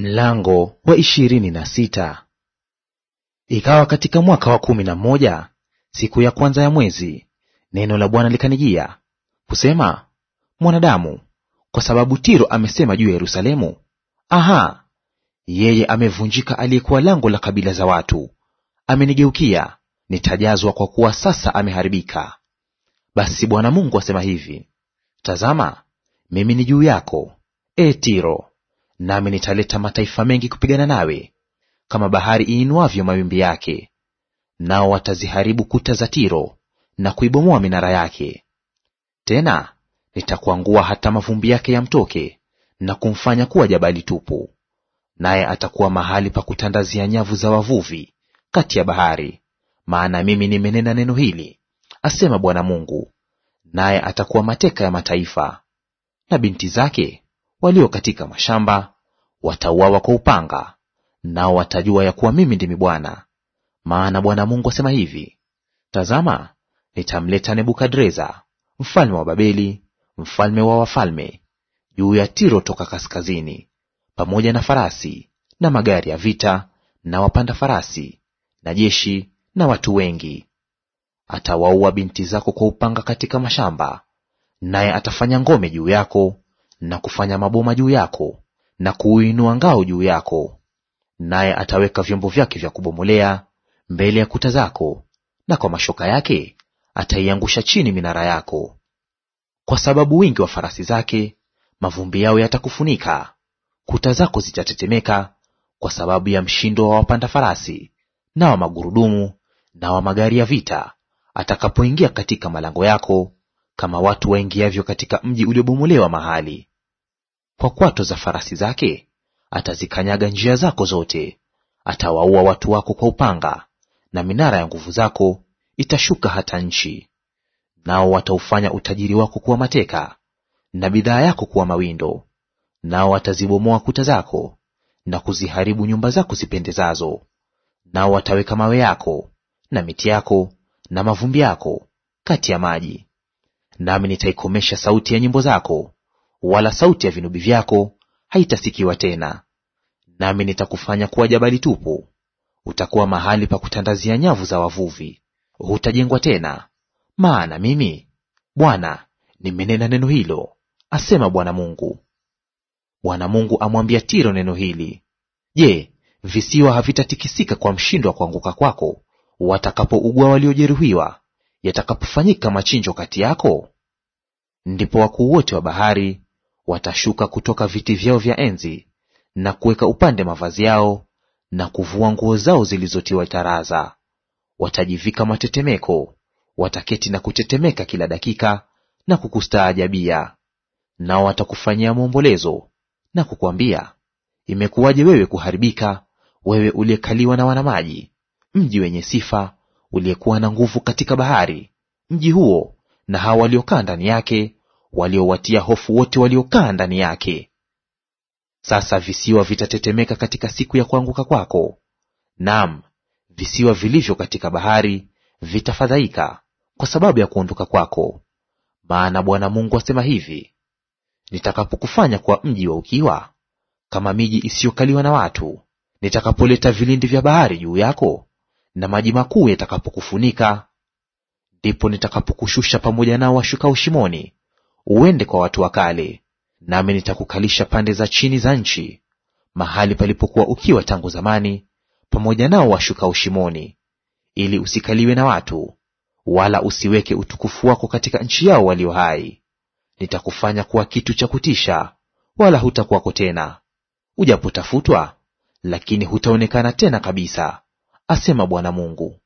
Mlango wa ishirini na sita. Ikawa katika mwaka wa kumi na moja siku ya kwanza ya mwezi, neno la Bwana likanijia kusema, mwanadamu, kwa sababu Tiro amesema juu ya Yerusalemu, aha, yeye amevunjika aliyekuwa lango la kabila za watu, amenigeukia, nitajazwa kwa kuwa sasa ameharibika. Basi Bwana Mungu asema hivi, tazama, mimi ni juu yako, e Tiro, nami nitaleta mataifa mengi kupigana nawe, kama bahari iinuavyo mawimbi yake. Nao wataziharibu kuta za Tiro na kuibomoa minara yake. Tena nitakuangua hata mavumbi yake yamtoke na kumfanya kuwa jabali tupu, naye atakuwa mahali pa kutandazia nyavu za wavuvi kati ya bahari. Maana mimi nimenena neno hili, asema Bwana Mungu, naye atakuwa mateka ya mataifa. Na binti zake walio katika mashamba watauawa kwa upanga, nao watajua ya kuwa mimi ndimi Bwana. Maana Bwana Mungu asema hivi: Tazama, nitamleta Nebukadreza mfalme wa Babeli, mfalme wa wafalme, juu ya Tiro toka kaskazini, pamoja na farasi na magari ya vita na wapanda farasi na jeshi na watu wengi. Atawaua binti zako kwa upanga katika mashamba, naye atafanya ngome juu yako na kufanya maboma juu yako na kuuinua ngao juu yako, naye ataweka vyombo vyake vya kubomolea mbele ya kuta zako, na kwa mashoka yake ataiangusha chini minara yako. Kwa sababu wingi wa farasi zake, mavumbi yao yatakufunika; kuta zako zitatetemeka kwa sababu ya mshindo wa wapanda farasi na wa magurudumu na wa magari ya vita, atakapoingia katika malango yako, kama watu waingiavyo katika mji uliobomolewa mahali. Kwa kwato za farasi zake atazikanyaga njia zako zote. Atawaua watu wako kwa upanga, na minara ya nguvu zako itashuka hata nchi. Nao wataufanya utajiri wako kuwa mateka, na bidhaa yako kuwa mawindo. Nao watazibomoa kuta zako na kuziharibu nyumba zako zipendezazo. Nao wataweka mawe yako na miti yako na mavumbi yako kati ya maji. Nami nitaikomesha sauti ya nyimbo zako wala sauti ya vinubi vyako haitasikiwa tena. Nami nitakufanya kuwa jabali tupu, utakuwa mahali pa kutandazia nyavu za wavuvi, hutajengwa tena. Maana mimi Bwana nimenena neno hilo, asema Bwana Mungu. Bwana Mungu amwambia Tiro neno hili: Je, visiwa havitatikisika kwa mshindo wa kuanguka kwako, watakapougua waliojeruhiwa, yatakapofanyika machinjo kati yako? Ndipo wakuu wote wa bahari watashuka kutoka viti vyao vya enzi na kuweka upande mavazi yao na kuvua nguo zao zilizotiwa taraza. Watajivika matetemeko, wataketi na kutetemeka kila dakika na kukustaajabia. Nao watakufanyia maombolezo na kukwambia, imekuwaje wewe kuharibika, wewe uliyekaliwa na wanamaji, mji wenye sifa, uliyekuwa na nguvu katika bahari, mji huo na hao waliokaa ndani yake waliowatia hofu wote waliokaa ndani yake. Sasa visiwa vitatetemeka katika siku ya kuanguka kwako, naam, visiwa vilivyo katika bahari vitafadhaika kwa sababu ya kuondoka kwako. Maana Bwana Mungu asema hivi, nitakapokufanya kwa mji wa ukiwa, kama miji isiyokaliwa na watu, nitakapoleta vilindi vya bahari juu yako, na maji makuu yatakapokufunika, ndipo nitakapokushusha pamoja nao washukao shimoni uende kwa watu wa kale, nami nitakukalisha pande za chini za nchi, mahali palipokuwa ukiwa tangu zamani, pamoja nao washuka ushimoni, ili usikaliwe na watu, wala usiweke utukufu wako katika nchi yao walio hai. Nitakufanya kuwa kitu cha kutisha, wala hutakuwako tena; ujapotafutwa, lakini hutaonekana tena kabisa, asema Bwana Mungu.